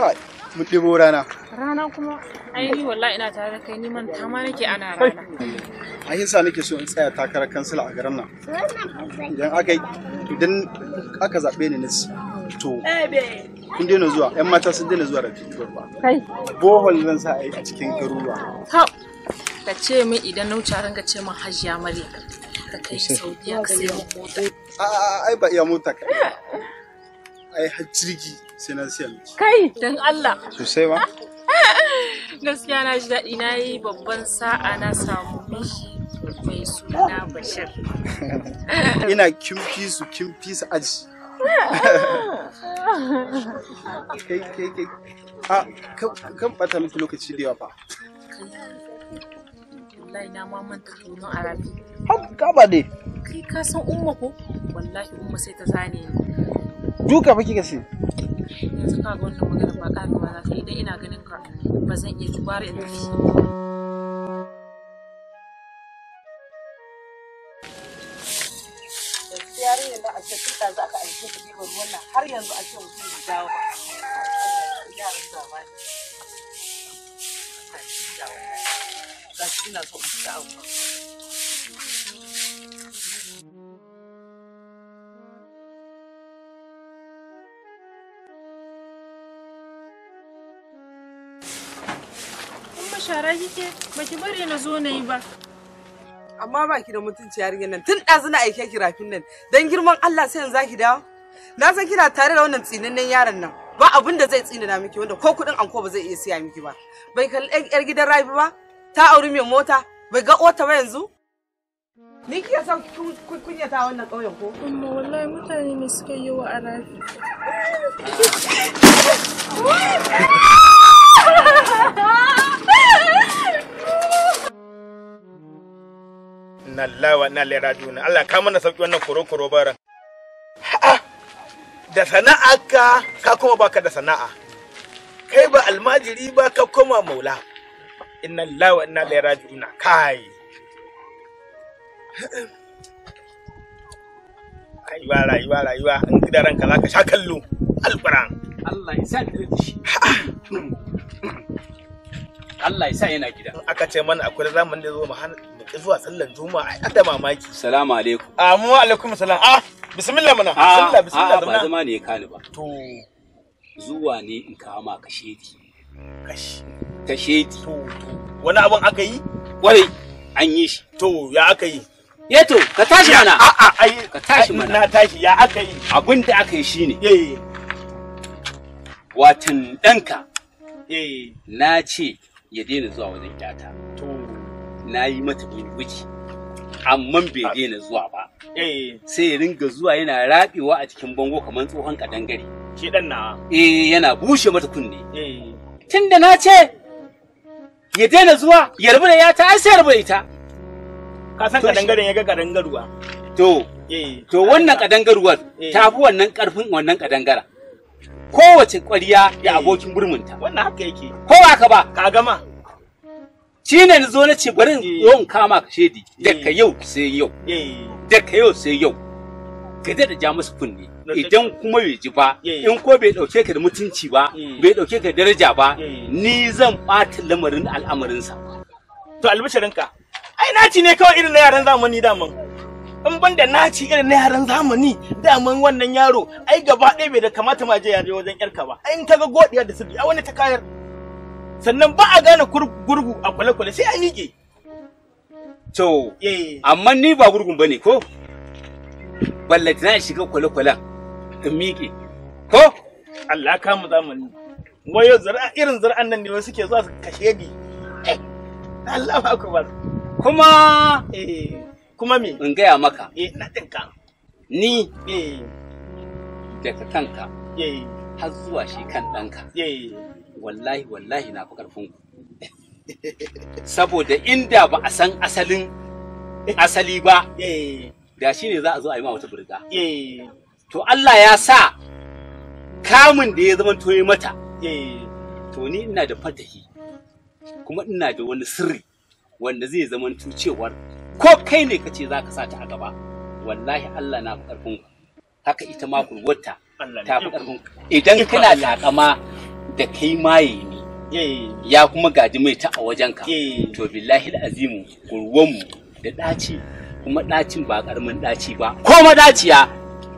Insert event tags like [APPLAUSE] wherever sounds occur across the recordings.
kawai mu ɗibo rana. Rana kuma ai ni wallahi ina tare da kai ni man ta ma nake ana rana. Ai yasa nake so in tsaya takarar kansila a garin nan. Idan aka idan aka zaɓe ni nasi to kun daina zuwa yan mata sun daina zuwa da ba. Kai. Bohol zan sa a yi a cikin garuruwa. Ka ka ce min idan na wuce ranka ce min hajiya mare Ka kai Saudiya ka sai mota. A'a ai ba iya mota kai. Ai hajjirgi. sai na siya miki kai dan Allah sosai ba [LAUGHS] gaskiya na ji daɗi na yi babban sa'a na samu miji mai suna bashir [LAUGHS] ina kimfi su kimfi su aji [LAUGHS] kai kai kai a kan bata miki lokaci da yawa fa wallahi na ma manta tono a rami ka ba dai kai ka san umma ko wallahi umma sai ta zane ni duka fa kika sai yanzu ka wannan magana ba karewa za ta idan ina ganin ka ba zan iya tubar in tafi yarinyar da a ce tun da za ka aiki ka ɗiba ruwan nan har yanzu a ce mutum bai dawo ba yaran shara kike ki bari na zo na yi ba. Amma ba ki da mutunci yarinyar nan tun ɗazu na aike ki rafin nan don girman Allah sai yanzu zaki dawo. Na san kina tare da wannan tsinannen yaron nan ba abin da zai tsinana miki wanda ko kuɗin anko ba zai iya siya miki ba. Bai kalli yar gidan rafi ba ta auri mai mota bai ga ota ba yanzu. Ni kika san kunyata wannan ƙauyen ko? Amma wallahi mutane ne suka yi wa arafi. Ah! [LAUGHS] inna lillahi wa inna ilaihi Allah ka mana sauki wannan koro koro baran da sana'a ka ka kuma baka da sana'a kai ba almajiri ba ka koma maula inna lillahi wa inna ilaihi raji'un kai rayuwa rayuwa rayuwa ranka zaka sha kallo alquran Allah ya sa da shi Allah ya sa yana gida. Aka ce mana akwai zamanin da zo mu hana zuwa sallan juma'a ai ada mamaki. Salamu alaikum. Ah, mu alaikum salam. Ah bismillah muna. Ah, bismillah bismillah. Ah, ba zama ne ya kani ba. To zuwa ne in kawo ma kashedi. Kashi. ki. To to wani abun aka yi? Kwarai an yi shi. To ya aka yi? Eh, to ka tashi mana. A'a ai ka tashi mana. Na tashi ya aka yi. Abin da aka yi shine. Eh. Watan ɗanka. Eh. Na ce ya daina zuwa wajen kyata, to na yi mata wiki amma bai ah. daina zuwa ba eh. sai ya ringa zuwa yana rabewa a cikin bango kamar tsohon kadangare shi dan na eh yana bushe mata kunne eh. tunda na ce ya daina zuwa ya rabu da ta ai sai rabu da ita ka san kadangaren ya ga kadangaruwa to eh. to wannan kadangaruwar ta fi wannan karfin wannan kadangara kowace ƙwariya da eh. abokin burmunta. Wannan haka yake. Ko ba ka ba? Ka gama. Shi ne na zo na ce bari in eh. kama ka shedi eh. daga yau sai yau. Daga yau sai yau. Ka da ja musu kunne. Idan kuma bai ji ba, in ko bai ɗauke ka da mutunci ba, bai ɗauke ka daraja ba, ni zan ɓata lamarin al'amarinsa. To albishirinka, ai naci ne kawai irin na yaran zamani daman. in ban da naci irin na yaran zamani daman wannan yaro ai gaba ɗaya bai da kamata ma je yaje wajen yarka ba ai in kaga godiyar da sirri a wani ta kayar sannan ba a gane gurgu a kwale-kwale sai a miƙe to amma ni ba gurgun bane ko ballati tana shiga kwale-kwalen in miƙe ko Allah ka mu zamani wayo zara irin zara'an nan ne suke zuwa su kashe ni eh, Allah ba ku ba kuma eh Kuma me? In gaya maka. Eh, na tinka. Ni. Eh. Daga kanka. Eh. Har zuwa shi kan ɗanka. Eh. Wallahi wallahi na fi ƙarfin ku. Saboda inda ba a san asalin asali ba. Eh. Da shi ne za a zo a yi ma wata burga. Eh. To Allah ya sa kamun da ya zama toye mata. Eh. To ni ina da fatahi kuma ina da wani sirri wanda zai zama cewar ko kai ne kace za ka sa ta a gaba wallahi Allah na fi karfin haka ita ma kurwata ta fi karfin idan kana lakama da kai maye ne ya kuma gaji mai ta a wajenka to billahi al'azim azimu kurwanmu da ɗaci kuma ɗacin ba ƙaramin ɗaci ba ko daciya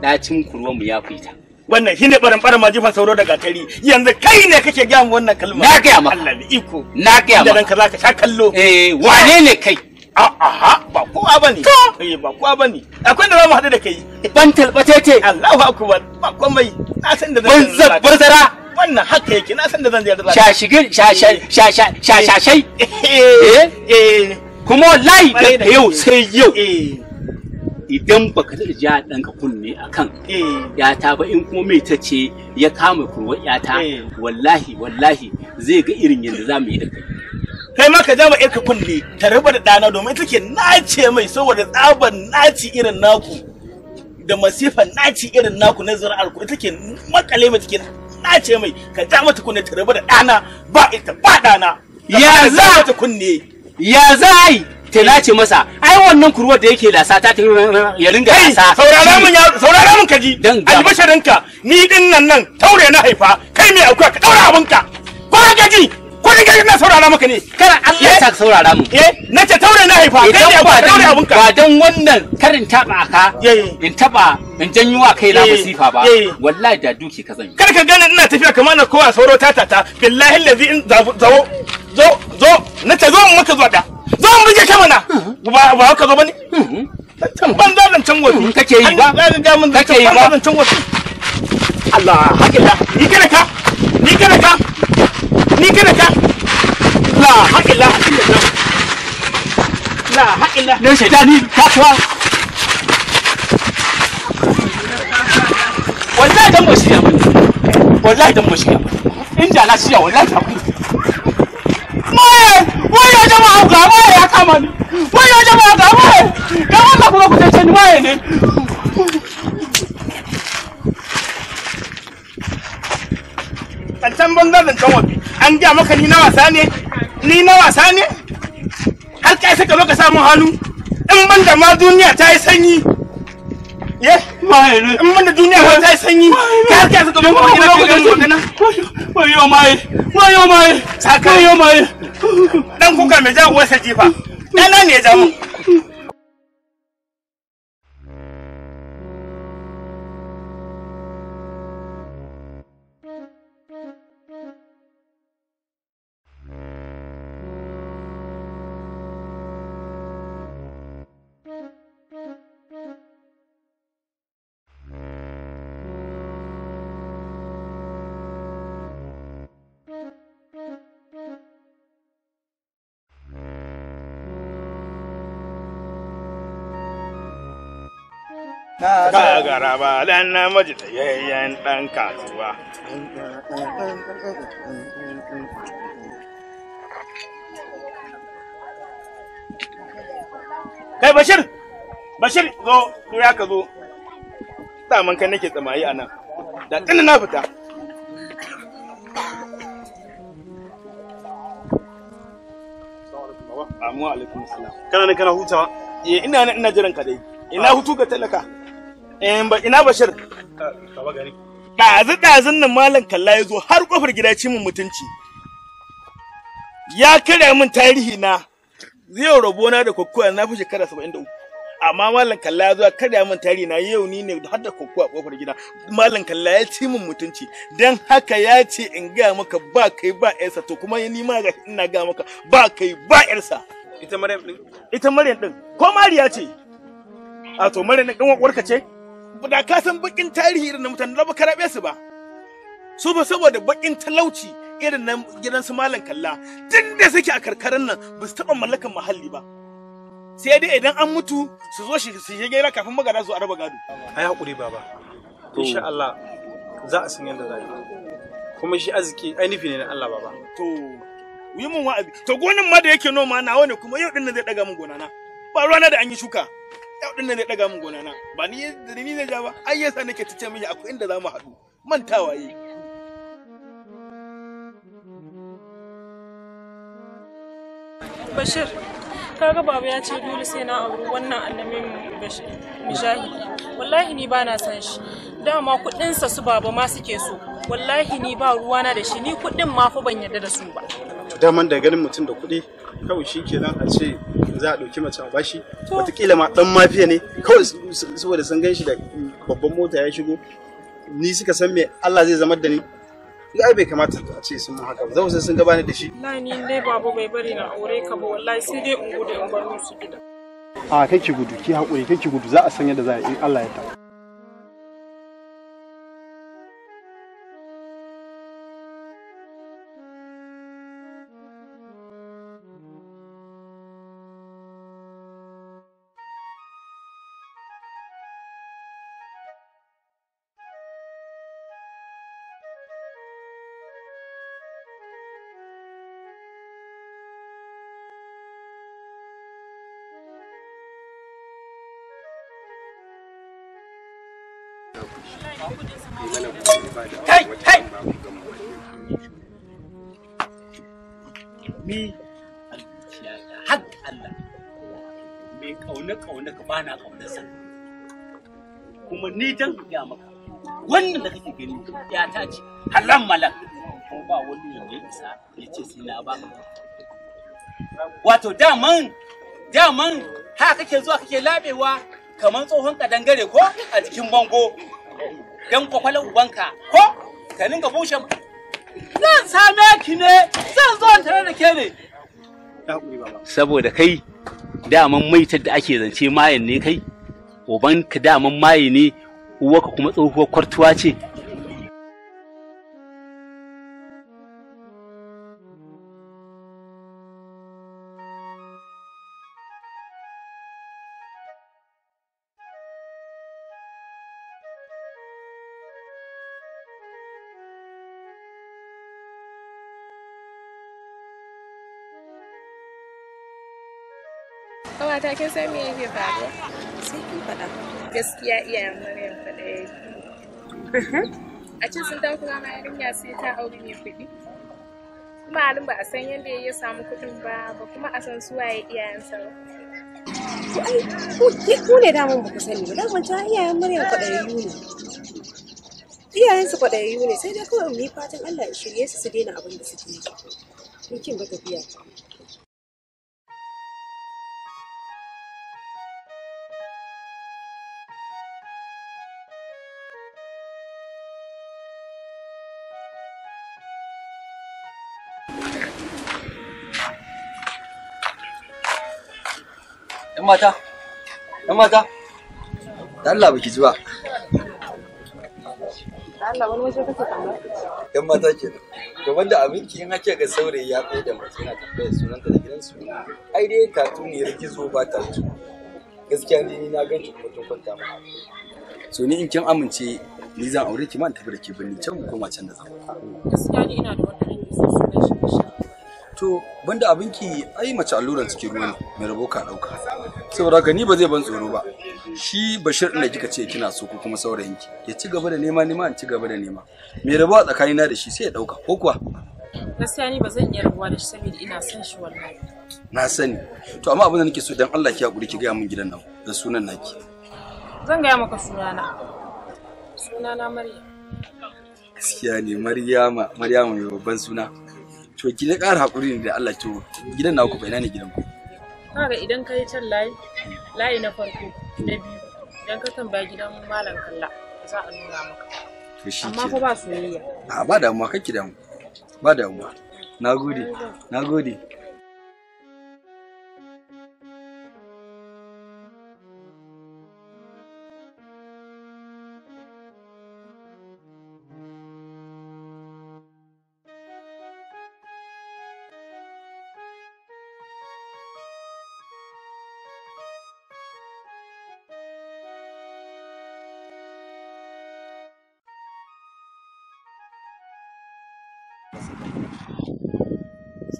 ɗacin kurwanmu ya fita wannan shine barin barin ma jifa sauro daga tari yanzu kai ne kake gaya wannan kalma na gaya maka Allah iko na gaya maka dan ka zaka sha kallo eh wane ne kai A'a ba kowa bane. To eh, ba kowa bane. Akwai da zamu haɗu da kai. Ban talbatete. Allahu akbar. Ba komai. Na san da zan yi. Ban zabbar Wannan haka yake na san da zan yi da Shashigin shashashai. Eh, eh eh. Kuma wallahi da yau sai yau. Eh. Idan baka da ja ɗanka kunne a kan yata ba in kuma mai ta ce ya kama kurwa yata wallahi wallahi zai ga irin yadda za mu yi da kai. kai ma ka jama ka kunne ta raba da dana domin take nace mai saboda tsaban naci irin naku da masifan naci irin naku na zira'ar ku take makale mai take nace mai ka ja mata kunne ta raba da dana ba ita ba dana. ya za ta kunne ya za yi ta nace masa ai wannan kurwar da yake lasa ta ya ringa lasa saurara mun saurara mun kaji albasharinka ni din nan nan taure na haifa kai me akwai ka daura abinka ba gaji kai kai na saurara maka ne kana Allah ya saka saurara mu eh nace taure na haifa kai ne ba taure abun ka ba dan wannan karin taba ka in taba in janyo wa kai na eh, masifa ba eh. wallahi da duki ka zanyi kar ka gane ina tafiya kamar na kowa sauro ta-ta-ta billahi allazi in zawo zo zo nace zo maka zo da zo mu je ka mana hmm. ba ba ka zo bane hmm. ban da zancen wasu hmm, kake yi ba kake yi ba zancen wasu Allah hakila ni kana ka ni kana ka ni kada ka la haƙila haƙila la haƙila ne shaidani kasuwa wallahi dan ba shirya bane wallahi dan ba shirya bane inda na wallahi ta kuma jama'a ga maye ya kama ni jama'a ga maye ne zancen banza zancen wafi an gaya maka ni na wasa ne ni na wasa ne har kai saka zo ka samu hannu in ban da ma duniya ta yi sanyi ye eh? in ban da duniya ta yi sanyi har kai saka zo ka gina ka gani wannan wayo mai wayo mai saka wayo mai dan kuka mai jawo wasa jifa dana ne ya jawo ka gara ba dan namiji tsayayyen dan kasuwa kai bashir bashir zo ya ka zo daman kai nake tsamayi a nan da tsinin na fita Amu alaikum salam. Kana kana hutawa? Eh ina ina jiran ka dai. Ina hutu ga talaka. Eh, ba ina bashir ɗazu ɗazun nan malam kalla ya zo har kofar gida ci min mutunci ya karya min tarihi na yau rabona da kokowa na fi shekara saba'in da uku amma malam kalla ya zo karya min tarihi na yau ni ne har da kokowa kofar gida malam kalla ya ci min mutunci dan haka ya ce in ga maka ba kai ba yarsa to kuma ni ma ga ina ga maka ba kai ba yarsa ita maryam din ita maryam din ko mariya ce a to maryam din uwarka ce da ka san bakin tarihi irin na mutane da baka rabe su ba su ba saboda bakin talauci irin na gidan su malam kalla tun da suke a karkarin nan ba su taba mallakan muhalli ba sai dai idan an mutu su zo su shige gera kafin magana su araba gado ai hakuri baba insha Allah za a san yadda za yi kuma shi arziki ainihi ne na Allah baba to yi mun wa'azi to gonin ma da yake noma nawa ne kuma yau din zai daga mun gona na ba ruwana da an yi shuka ɗauɗin nan ya ɗaga min gona na ba ni da ni ne ja ba ai yasa nake ta ce mini akwai inda za mu haɗu mantawa yi Bashir kaga baba ya ce dole sai na auri wannan annabin Bashir wallahi ni ba na san shi dama kuɗinsa su baba ma suke so wallahi ni ba ruwana da shi ni kuɗin ma fa ban yarda da su ba daman da ganin mutum da kuɗi kawai shi ke nan a ce za a ɗauki mace a bashi watakila ma ɗan mafiya ne kawai saboda sun gan shi da babban mota ya shigo ni suka san me Allah zai zama da ni ai bai kamata a ce sun mun haka ba zan sun gabatar da shi wallahi ni dai babu bai bari na aure ka ba wallahi sai dai in gudu in bar musu gida a kai ki gudu ki haƙuri kai ki gudu za a san yadda za a yi Allah ya tabbata ni dan ya maka wannan da kake gani ya ta ce halan malak ba wani ne ya isa ya ce sai na ba wato daman daman ha kake zuwa kake labewa kamar tsohon kadangare ko a cikin bango dan kwakwalwar ubanka ko ka dinga bushe zan same ki ne zan zo tare da ke ne saboda kai daman maitar da ake zance mayan ne kai ka daman maye ne uwaka kuma tsohuwar kwartuwa ce kin gaskiya iyayen maryam faɗa ya a can sun kuma ma ya sai ta aure mai kuɗi kuma halin ba a san yadda ya samu kuɗin ba ba kuma a san ya waye iyayensa ba Ko ai ku ne daman ba ku sani ba daman ta iyayen maryam kwaɗayayyu ne su kwaɗayayyu ne sai dai kawai mu yi fatan Allah ya shirye su su daina abin da suke yi kin ba tafiya Yan mata, yan mata, Allah baki zuwa Allah Yan mata ke To wanda abinki in ake ga saurayi ya kai da mace yana tambaya ta da gidansu. Ai dai katuniyar gizo ba ta tu. Gaskiya ni na kuma tun kwanta ma. So ni in kin amince ni zan aure ki man tafi da ke birni can mu koma can da Gaskiya ni ina da wannan to banda abinki ai mace alluran cikin ruwa ne mai rabo ka dauka saboda ka ni ba zai ban tsoro ba shi bashir din da kika ce kina so ko kuma saurayinki ya ci gaba da nema nema an ci gaba da nema mai rabo a tsakanina da shi sai ya dauka ko kuwa gaskiya ni ba zan iya rabuwa da shi saboda ina son shi wallahi na sani to amma abin da nake so dan Allah ki hakuri ki gaya min gidan nan da sunan naki zan gaya maka sunana sunana Maryam gaskiya ne Maryama Maryama mai babban suna to ki da ƙara haƙuri ne da Allah to gidan naku fa ina ne gidan ku kaga idan ka yi can layi layi na farko na biyu idan ka tambaya gidan malam kalla za a nuna maka amma fa ba soyayya a ba damuwa kake damu ba damuwa nagode nagode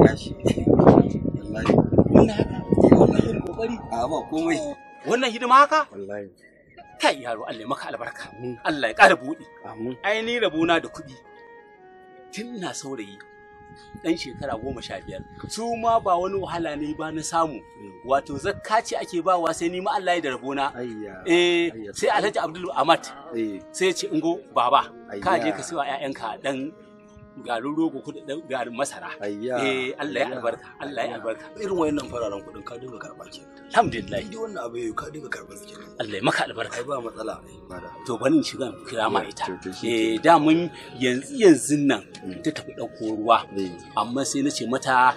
gashi wallahi wannan haka wannan kokari a ba komai wannan hidima haka wallahi kai yaro Allah ya maka albarka Allah ya ƙara buɗi ai ni rabona da kuɗi tun na saurayi ɗan shekara goma sha biyar su ma ba wani wahala ne ba na samu mm. wato zakka ce ake ba wa sai ni ma Allah ya da rabona eh sai Alhaji Abdul Amat eh. sai ya ce ingo baba ka je ka siwa ƴaƴanka dan garin rogo da garin masara eh Allah ya albarka Allah ya albarka irin wayannan fararen kuɗin ka dinga karɓa ke alhamdulillah Idan wannan abu ya ka dinga karɓa ke Allah ya maka albarka ai ba matsala to bani in shiga kira ma ita eh da mun yanzu yanzu nan mm. ta tafi ɗauko ruwa eh. amma sai na ce mata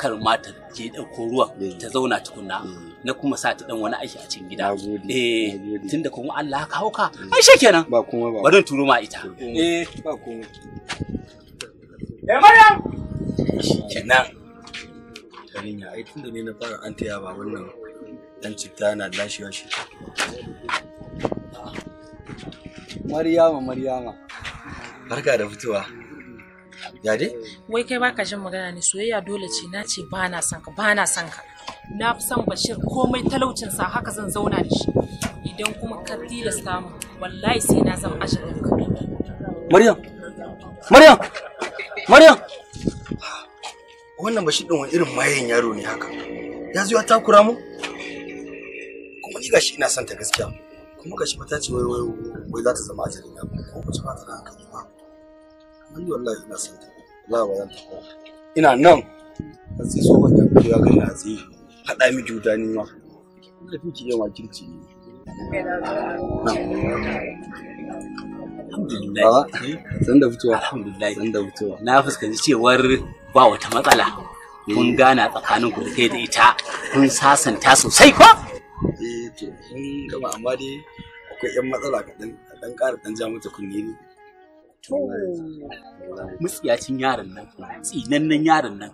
kar ma ta je ɗauko ruwan eh. ta zauna tukunna mm. na kuma sa ta dan wani aiki a cikin gida eh tunda kuma Allah ya kawo ka mm. ai shekenan ba kuma ba Bari turo ma ita eh ba kuma Eh Maryam. Kenan. ya aikin da ne na fara an taya ba wannan dan lashewa shi. Maryama Maryama. Barka da fitowa. Ya dai? Wai kai baka jin magana ne soyayya dole ce na ce ba na son ka ba na son ka. Na fi son Bashir komai talaucinsa haka zan zauna da shi. Idan kuma ka tilasta mu wallahi sai na zama ashirin ka. Maryam! Maryam! Maryam! Wannan shi ɗin wani irin mayen yaro ne haka. Ya zuwa ta takura mu? Kuma ni gashi ina son ta gaskiya. Kuma gashi mata ce wai wai za ta zama a na ko kuma ba ta da hankali ba. Amma ni wallahi ina son ta. Wallahi ba zan ta ko. Ina nan. Hatsi so wannan ko ya gani tsaye. Haɗa mi juta ni ma. Kuma da yawa kirci ne. Nan. alhamdulillah eh? da fitowa alhamdulillah da fitowa na fuskanci cewar ba wata matsala kun eh. gana tsakanin ku da kai da ita kun sasanta sosai ko eh to kun gaba amma dai akwai yan matsala dan ƙara dan ja ne mutsiyacin yaron nan tsinannen yaron nan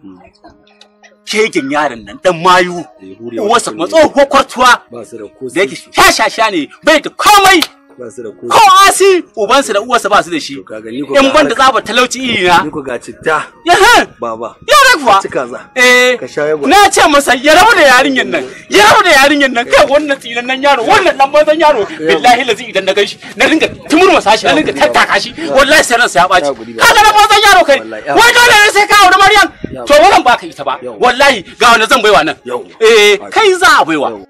kegin yaron nan dan mayu eh, wasa matso ko kwartuwa da yake sha sha ne bai da komai ko asi ubansa da uwarsa ba su da shi in ban da zaba talauci iri na ko ga citta baba yara kuwa eh na ce masa ya rabu da yarinyan nan ya rabu da yarinyan nan kai wannan tsinan nan yaro wannan dan bazan yaro billahi lazi idan na ganshi na dinga tumurma sashi na dinga tattaka shi wallahi sai ransa ya baci kaga na bazan yaro kai wai dole ne sai ka aure maryam to wannan ba ka ita ba wallahi ga wanda zan baiwa nan eh kai za a baiwa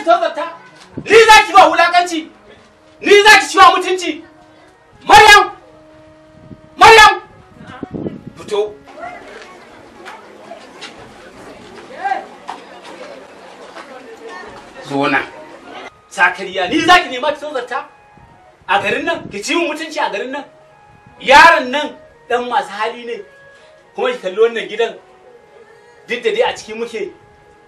ki tozarta ni za ki ba wulakanci ni za ki ba mutunci maryam maryam fito zona sakariya ni za ki nema ki tozarta a garin nan ki ci mutunci a garin nan yaron nan dan masu hali ne kuma ki kalli wannan gidan duk da dai a ciki muke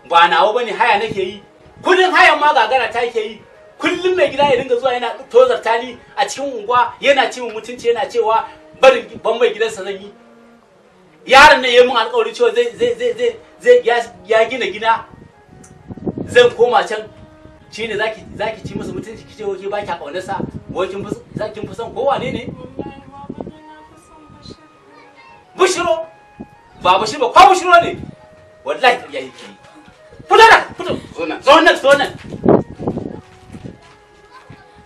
ba nawa bane haya nake yi kudin hayan ma gagara ta ke yi kullum mai gida ya dinga zuwa yana tozar tali a cikin unguwa yana cin mutunci yana cewa barin ban mai gidansa zan yi yaron ne yayin mun alƙawari cewa zai zai zai zai ya gina gina zan koma can Shi ne zaki zaki ci masa mutunci kice waje ba ki kaunarsa wakin zaki fi son kowa ne ne bushiro ba bushiro ba kwa bushiro ne wallahi ƙarya yake yi fito da fito zo nan zo nan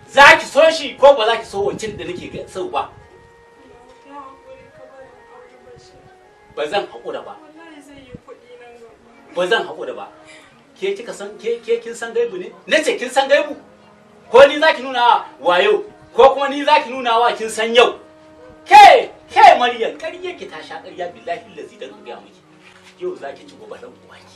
za ki so shi ko ba za ki so wancan da nake ga sau ba ba zan haƙura ba ba zan haƙura ba ke kika san ke ke kin san gaibu ne nace kin san gaibu ko ni zaki nuna wa wayo ko kuma ni zaki nuna wa kin san yau ke ke maryam Ƙarye ki ta sha ƙarya billahi lazi dan gaya miki yau zaki ci gobe dan ki.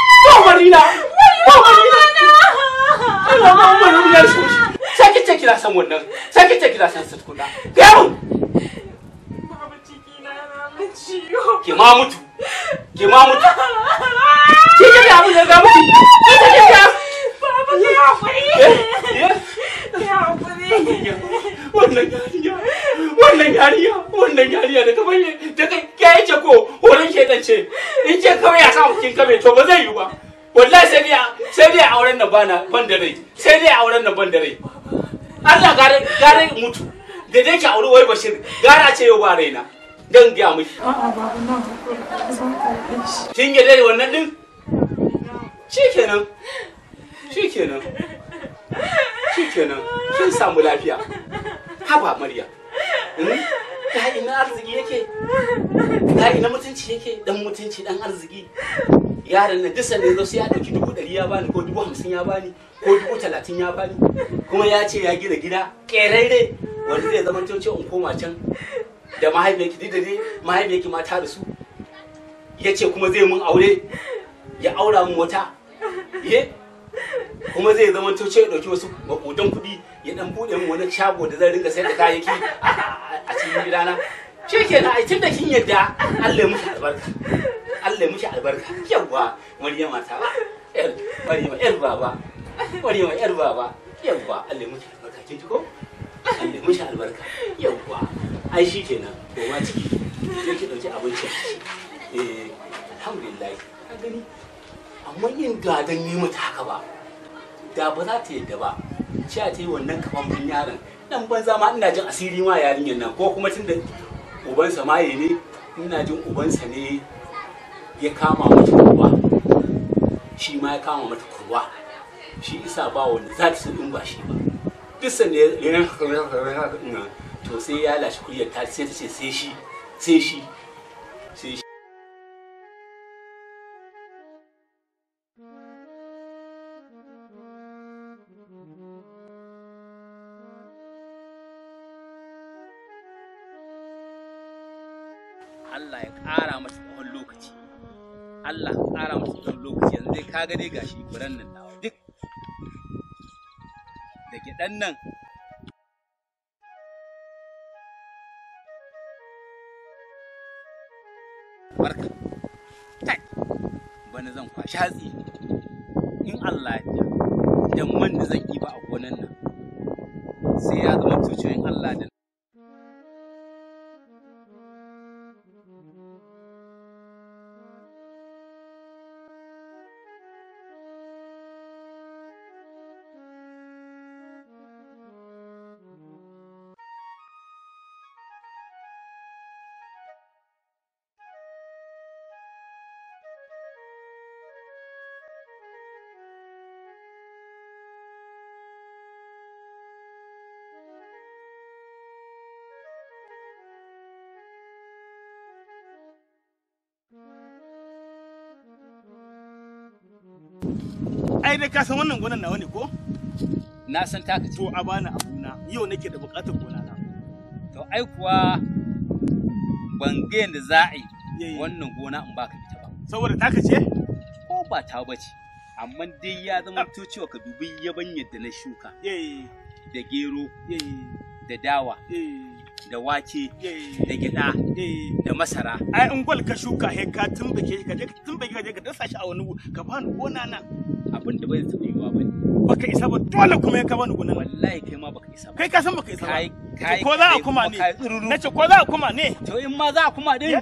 Ba Marina! Ba Marina! Allah ba mu ne ya shi. Sai kice kira san wannan. Sai kice kira san sutkuna. Ga yau. Babu ciki na na ciwo. Ki ma mutu. Ki ma mutu. Ki ce ga abin da ga mutu. Ki ce ga. Babu ki hakuri. Ki hakuri. Wannan yarinya. Wannan yarinya. Wannan yarinya da ka bayyana da kai ke ce ko horon shedan ce. kawai ya sa kin kame to ba zai yi ba wallahi sai dai sai dai auren nan bana ban da rai sai dai auren nan ban da rai Allah gare gare mutu da dai ki auri wai bashir gara ce yau ba raina dan ga miki kin yi dai wannan din shikenan shikenan shikenan kin samu lafiya haba maryam ka eh? ina arziki yake ka ina mutunci yake dan mutunci dan arziki yaran na duk sanin zo sai ya dauki dubu ɗari ya bani ko dubu hamsin ya bani ko dubu talatin ya bani kuma ya ce ya gina gida ƙerere wanda zai zama cewa in koma can da mahaifiyarki da dai mahaifiyarki ma ta rasu ya ce kuma zai mun aure ya aura mun wata ye eh? kuma zai zama cewa ya ɗauki wasu maƙudan kuɗi ya dan bude min wani shago da zan rinka sayar da kayayyaki a cikin gidana shi ke na ai tunda kin yadda Allah miki albarka Allah miki albarka yawa Maryama ta ba el Maryama el baba Maryama el baba yawa Allah miki albarka kin ji ko Allah miki albarka yawa ai shi kenan ma ciki ke ki dauki abinci eh alhamdulillah ka gani amma yin gadan ni ta haka ba da ba za ta yadda ba cewa ta yi wannan kafafun yaron Nan banza ma ina jin asiri ma yarinyar nan ko kuma tun da ubansa maye ne ina jin ubansa ne ya kama mata kurwa shi ma ya kama mata kurwa shi isa ba wanda za ta san in ba shi ba duk sanda ya nan to sai ya lashe kuryar ta sai ta ce sai shi sai shi sai shi Allah ƙara masa tsawon lokaci yanzu dai kaga dai gashi buran nan nawa duk da gidan nan barka kai bana zan kwashi hatsi in Allah ya da man da zan yi ba a gonan nan sai ya zama tuciyoyin Allah da ka san wannan gonan nawa ne ko? Na san taka To a bani abuna yau nake da bukatar gona na. To ai kuwa ban ga yanda za a yi wannan gona in baka ita ba. Saboda taka ce? Ko ba ta bace. Amma dai ya zama ah. to cewa ka dubi yabanyar da na shuka. Da gero. Da dawa. da wake eh. da gyada eh. da masara ai in gwal ka shuka he ka tumbake ka je tumbake ka je ka dasa shi a wani ka bani gona na abin da bai taɓa yiwa bane baka isa ba dole kuma ya ka bani gona wallahi kai ma baka isa ba kai ka san baka isa ba ko za a kuma ne nace ko za a kuma ne to in ma za a kuma din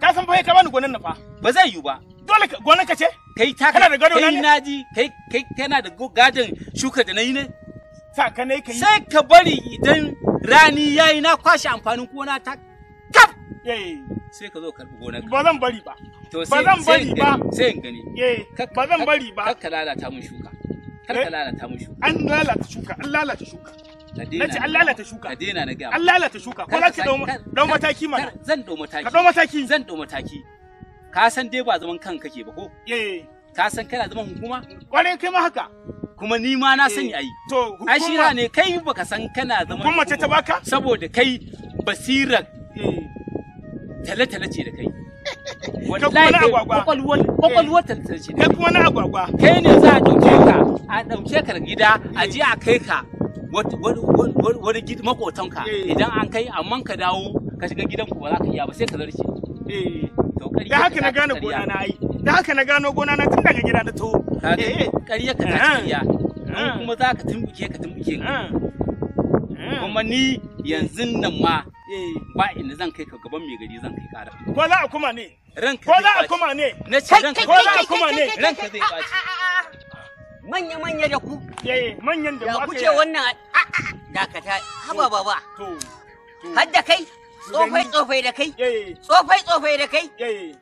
ka san kai ka bani gonan nan fa ba zai yiwu ba dole gonan ka ce kai ta kana da gado nan naji kai kai kana da gadon shuka da nayi ne sa ka kai sai ka bari idan rani yayi na kwashe amfanin gona ta kaf sai ka zo karbi gonar ba zan bari ba ba zan bari ba sai in gani ba zan bari ba kar ka lalata mun shuka kar ka eh? lalata mun shuka an lalata shuka an lalata shuka Nace an lalata shuka. Ka daina na gaya. An lalata shuka. Ko za ki dau mataki ma. Zan dau mataki. Ka dau mataki. Zan dau mataki. Ka san dai ba zaman kanka kake ba ko? Eh. Ka san kana zaman hukuma? Kwarai kai ma haka. kuma ni ma na eh, sani ayi. to ashira ne kai baka san kana zama hukuma mace ta baka saboda kai basira eh. tale tale ce da kai [LAUGHS] wallahi kwakwalwar eh. kwakwalwar tale tale ce kai kuma na agwagwa kai ne za a dauke ka a dauke ka gida a je a kai ka wani gid makotanka idan an kai amma ka dawo ka shiga gidanku ba za ka iya ba sai ka zarce to kariya da haka na gane gona na ai da haka na gano gona na tun daga gida na taho eh, eh. ƙarya ka ta ƙarya eh. kuma za ka tumbuke ka tumbuke kuma ni yanzu nan ma ba inda zan kai ka gaban mai gari zan kai kara ko za a kuma ne ko za a kuma ne na ce ranka ko za a kuma ne ranka zai ɓaci ah, ah, ah, manya manya da ku manyan da ku ce wannan dakata haba baba har da kai tsofai tsofai da kai tsofai tsofai da kai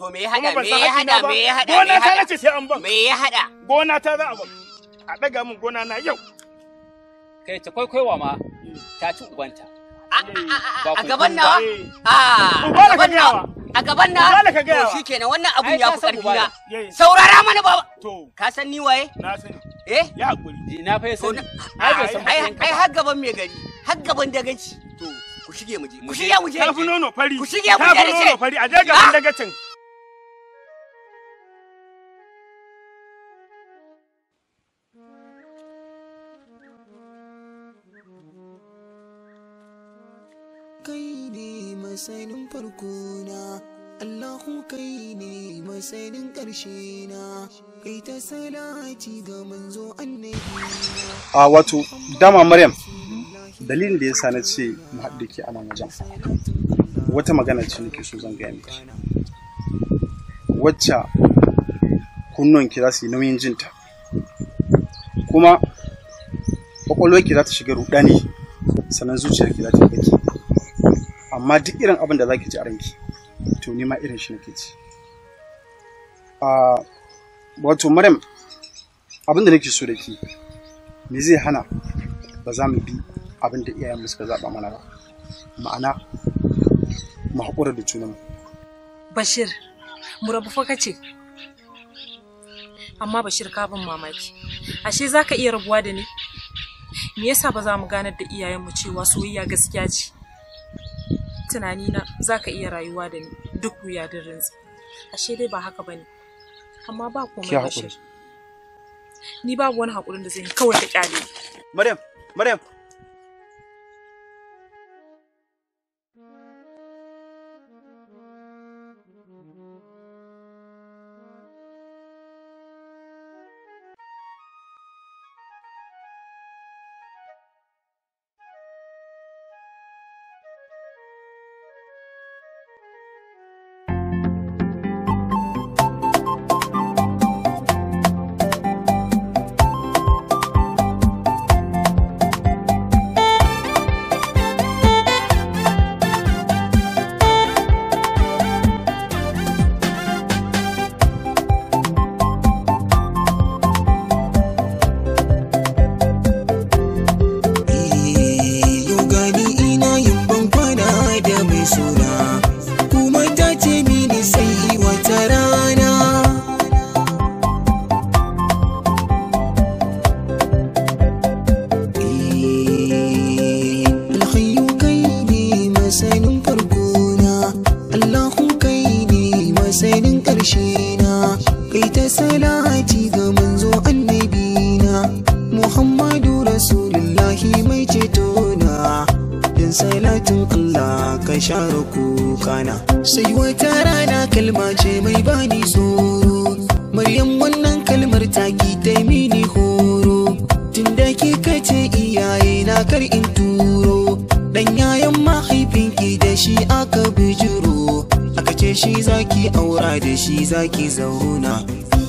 To me ya hada? Me ya hada? Me ya hada? Gona ta nace sai an ban. Me ya hada? Gona ta za a ban. A daga mun gona na yau. Kai ta kwaikwaiwa ma ta ci ubanta. A gaban nawa? A gaban nawa? Ah, a gaban nawa? To wannan abun ya fi ƙarfi na. Saurara mana baba. Ka san ni waye? Na sani. Eh? Ya hakuri. Eh, na fa Ai har gaban gari. Har gaban dagaci. To ku shige mu je. Ku shige mu je. Tafi fari. Ku shige mu je. fari je masainin farkona Allahu kai ne masainin ƙarshena na kai ta salati ga manzo annabi a wato dama Maryam dalilin da yasa na ce mu haɗu ke a nan wajen wata magana ce nake so zan gaya miki wacce kunnonki za su yi nauyin jinta kuma ƙwaƙwalwarki za ta shiga ruɗani sannan zuciyarki za ta baki amma duk irin abin da zaki ji a ranki to ma irin shi nake ci a wato maryam abin da nake so da ki me zai hana ba za mu bi abin da iyayenmu suka zaɓa mana ba ma'ana mu haƙura da junanmu bashir mu rabu fa kace amma bashir ka bin mamaki ashe za ka iya rabuwa da ni me yasa ba za mu ganar da iyayenmu cewa soyayya gaskiya ce tunani na za ka iya rayuwa da ni duk wuya da rinzi ashe dai ba haka bane amma ba komai bashir ni babu wani haƙurin da zai kawai ta kyale. maryam maryam kana sai wata rana kalma ce mai bani tsoro maryam wannan kalmar taki ta mini horo tunda ki kace iyaye na kar in turo dan yayan mahaifinki da shi aka bijiro aka ce shi zaki aura da shi zaki zauna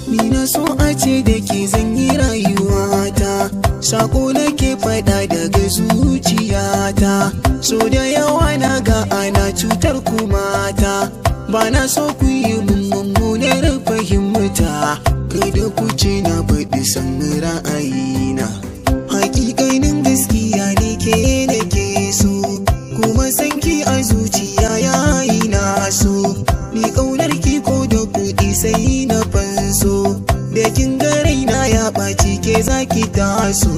ni na so a ce da ke zan yi rayuwata sako nake faɗa daga zuciyata so da yawa na ga ana cutar kumata, ta ba na so ku yi mummunar fahimta kada ku ce na faɗi san ra'ayina hakikanin gaskiya ne ke nake so kuma sanki a zuciya yayi na so ni ƙaunar ki ko da kuɗi sai na fanso da kin ga raina ya ɓaci ke zaki taso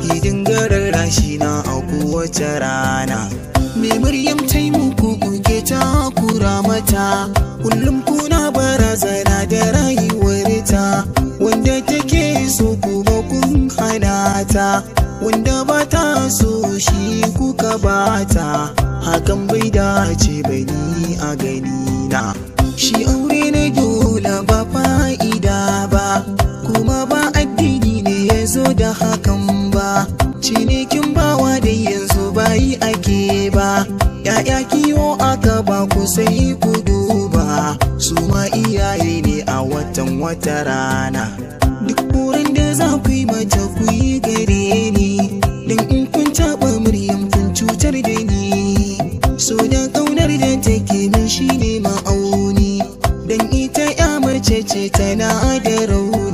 ki dinga rarrashi na a kowace rana me maryam tai muku kuke ta kura mata kullum kuna barazana da rayuwar ta wanda take so kuma kun hana ta wanda ba ta so shi kuka ta hakan bai dace bani a gani na shi aure na da hakan ba cinikin bawa da yanzu bayi ake ba ya'ya kiwo aka ba ku sai ku duba su ma iyaye ne a watan wata rana duk wurin da za ku yi mata ku yi gare ni don in kun taɓa muryan kun cutar da ni so da ƙaunar da take min shi ne ma'auni don ita ya mace ce tana da rauni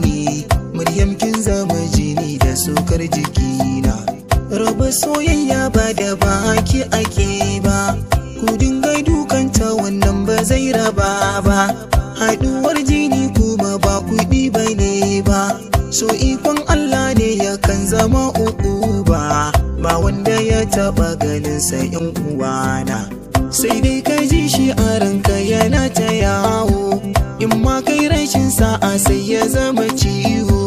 soyayya ba da baki ake ba ku dinga dukanta wannan ba zai raba ba haɗuwar jini kuma ba kuɗi ba ne ba so ikon Allah ne ya kan zama uku ba ba wanda ya taɓa ganin sa in uwana sai dai ka ji shi a ranka yana ta yawo in ma kai rashin sa'a sai ya zama ciwo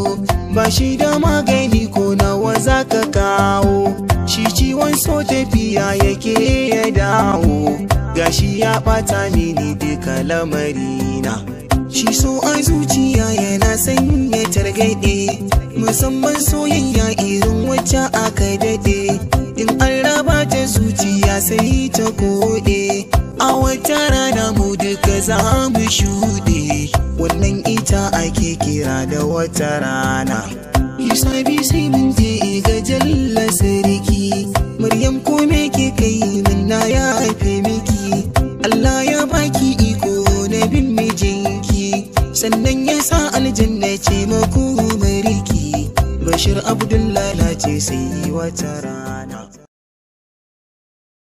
Bashi da magani ko nawa za ka kawo shi ciwon so tafiya yake ya dawo gashi ya ɓata mini kalamari lamarina shi so a zuciya yana sanya targaɗe musamman soyayya irin wacce aka daɗe in an raba ta zuciya sai ta koɗe a wata rana mu duka za mu shuɗe wannan ita ake kira da wata rana biyu sai mun je ga jalla sarki maryam ko me ke kai min na ya haife miki allah ya baki iko na bin mijinki sannan ya sa aljanna ce maku mariki bashir abdullala ce sai wata rana